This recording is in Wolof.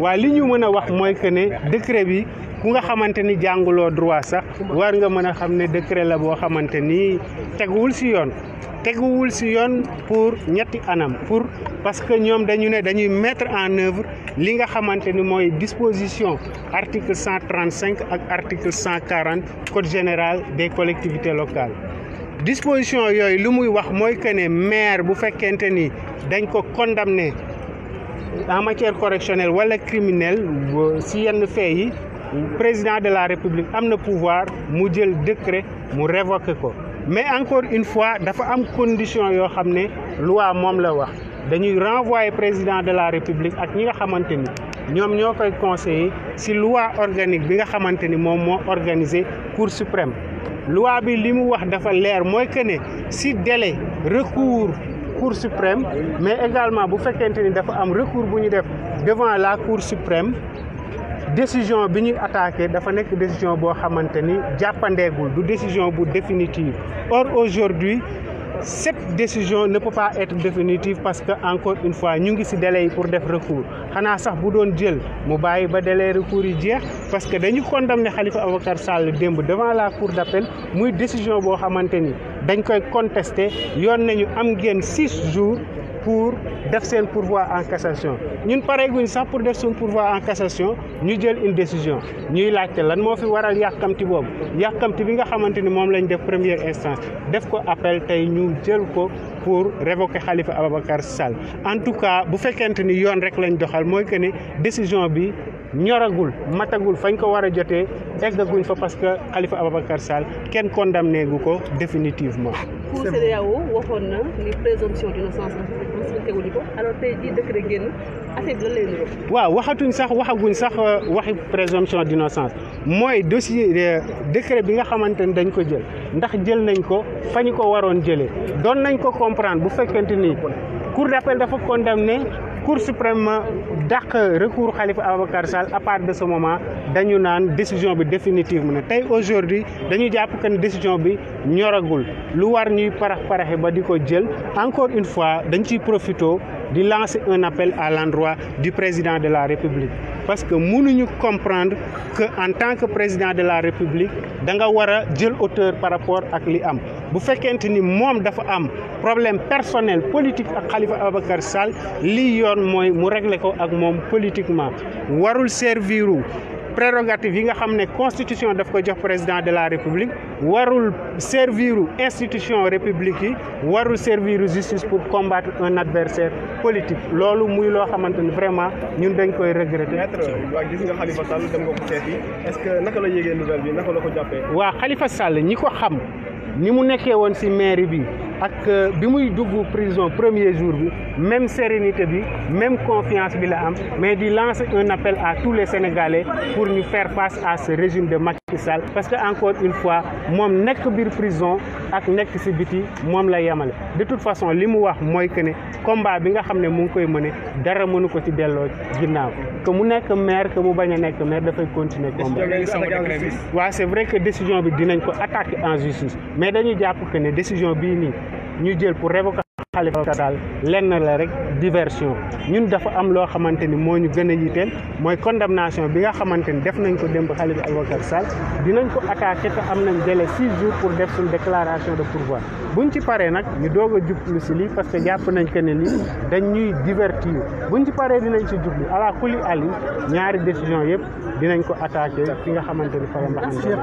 waa li ñu mën a wax mooy que ne décret bi ku nga xamante ni jànguloo droit sax war nga mën a xam ne décret la boo xamante ni teguwul si yoon teguwul si yoon pour ñetti anam pour parce que ñoom dañu ne dañuy mettre en œuvre li nga xamante ni mooy disposition article 135 ak article 140 code général des collectivités locales disposition yooyu lu muy wax mooy que ne maire bu fekkente ni dañ ko condamné en matière correctionnelle wala criminelle euh, si yenn fee yi président de la république am na pouvoir mu jël décret mu révoqué ko mais encore une fois dafa am condition yoo xam ne loi moom la wax dañuy renvoyer président de la république ak ñi nga xamante ni ñoom ñoo koy conseiller si loi organique bi nga xamante ni moom moo organiser cour suprême loi bi li mu wax dafa leer mooy que ne si délai recours cour suprême mais également bu fekkente ni dafa am recours bu ñu def devant la cour suprême décision bi ñuy attaqué dafa nekk décision boo xamante ni jàppandeegul du décision bu définitive or aujourd'hui cette décision ne peut pas être définitive parce que encore une fois ñu ngi ci délai yi pour def recours xanaa sax bu doon jël mu bàyyi ba délai recours yi jeex parce que dañu condamné Khalifa Ababacar Sall démb devant la cour d'appel muy décision boo xamante ni dañ koy contester yoon nañu am ngeen six jours pour def seen pourvoi en cassation ñun pareeguñ sax pour def suñu pourvoi en cassation ñu jël une décision ñuy laajte lan moo fi waral yàkkamti boobu yàkkamti bi nga xamante ni moom lañ def première instance def ko appel tey ñu jël ko pour révoquer Khalifa Ababacar Sall en tout cas bu fekkente ni yoon rek lañ doxal mooy que ni décision bi ñoragul matagul fañ ko war a jotee eggaguñ fa parce que Khalifa Ababacar Sall kenn condamné gu ko définitivement. Cour CEDEAO waxoon na ni présomption waaw waxatuñ sax waxaguñ sax euh, waxi présomption d'innocence mooy dossier euh, décret bi nga xamante ni dañ ko jël ndax jël nañ ko fa ñu ko waroon jëlee doon nañ ko comprendre bu fekkente ni cour d'appel dafa condamné. cour suprême dàq recours Khalifa Ababacar Sall à part de ce moment dañu naan décision bi définitive na tey aujourd'hui dañuy jàpp que ne décision bi ñoragul lu war ñuy parax paraxe ba di ko jël encore une fois dañ ciy profito di lancer un appel à l'endroit du président de la République parce que mënuñu comprendre que en tant que président de la république da nga war a jël auteur par rapport ak li am bu fekkente ni moom dafa am problème personnel politique ak Khalifa Ababacar Sall lii yoon mooy mu régler ko ak moom politiquement warul serviru prérogative yi nga xam ne constitution daf ko jox président de la république warul serviru institution république yi warul serviru justice pour combattre un adversaire politique loolu muy loo xamante ni vraiment ñun dañ koy regretter. waa gis nga Khalifa que naka la yëgee nouvelle bi naka la ko jàppee. waa Khalifa Sall ñi ko xam ni mu nekkee woon ci mairie bi. ak euh, bi muy dugg prison premier jour bi même sérénité bi même confiance bi la am mais di lancer un appel à tous les Sénégalais pour ñu faire face à ce régime de Macky Macky Sall parce que encore une fois moom nekk biir prison ak nekk si biti moom la yemale de toute façon li mu wax mooy que ne combat bi nga xam ne mu ngi koy mëne dara mënu ko ci delloo ginnaaw que mu nekk maire que mu bañ a nekk maire dafay continuer combat waaw c'est vrai que décision bi dinañ ko attaquer en justice mais dañu jàpp que décision bii nii ñu jël pour révocation xalifa daal lenn la rek diversion ñun dafa am loo xamante ni moo ñu gën a yiteel mooy condamnation bi nga xamante ni def nañ ko démb xalifa Ababacar Sall dinañ ko am nañ délai six jours pour def déclaration de pourvoi buñ ci paree nag ñu doog a jublu si lii parce que jàpp nañ que ne lii dañ ñuy divertir buñ ci paree dinañ ci jublu ala kuli ali ñaari décision yëpp dinañ ko attaqué fi nga xamante ni fa la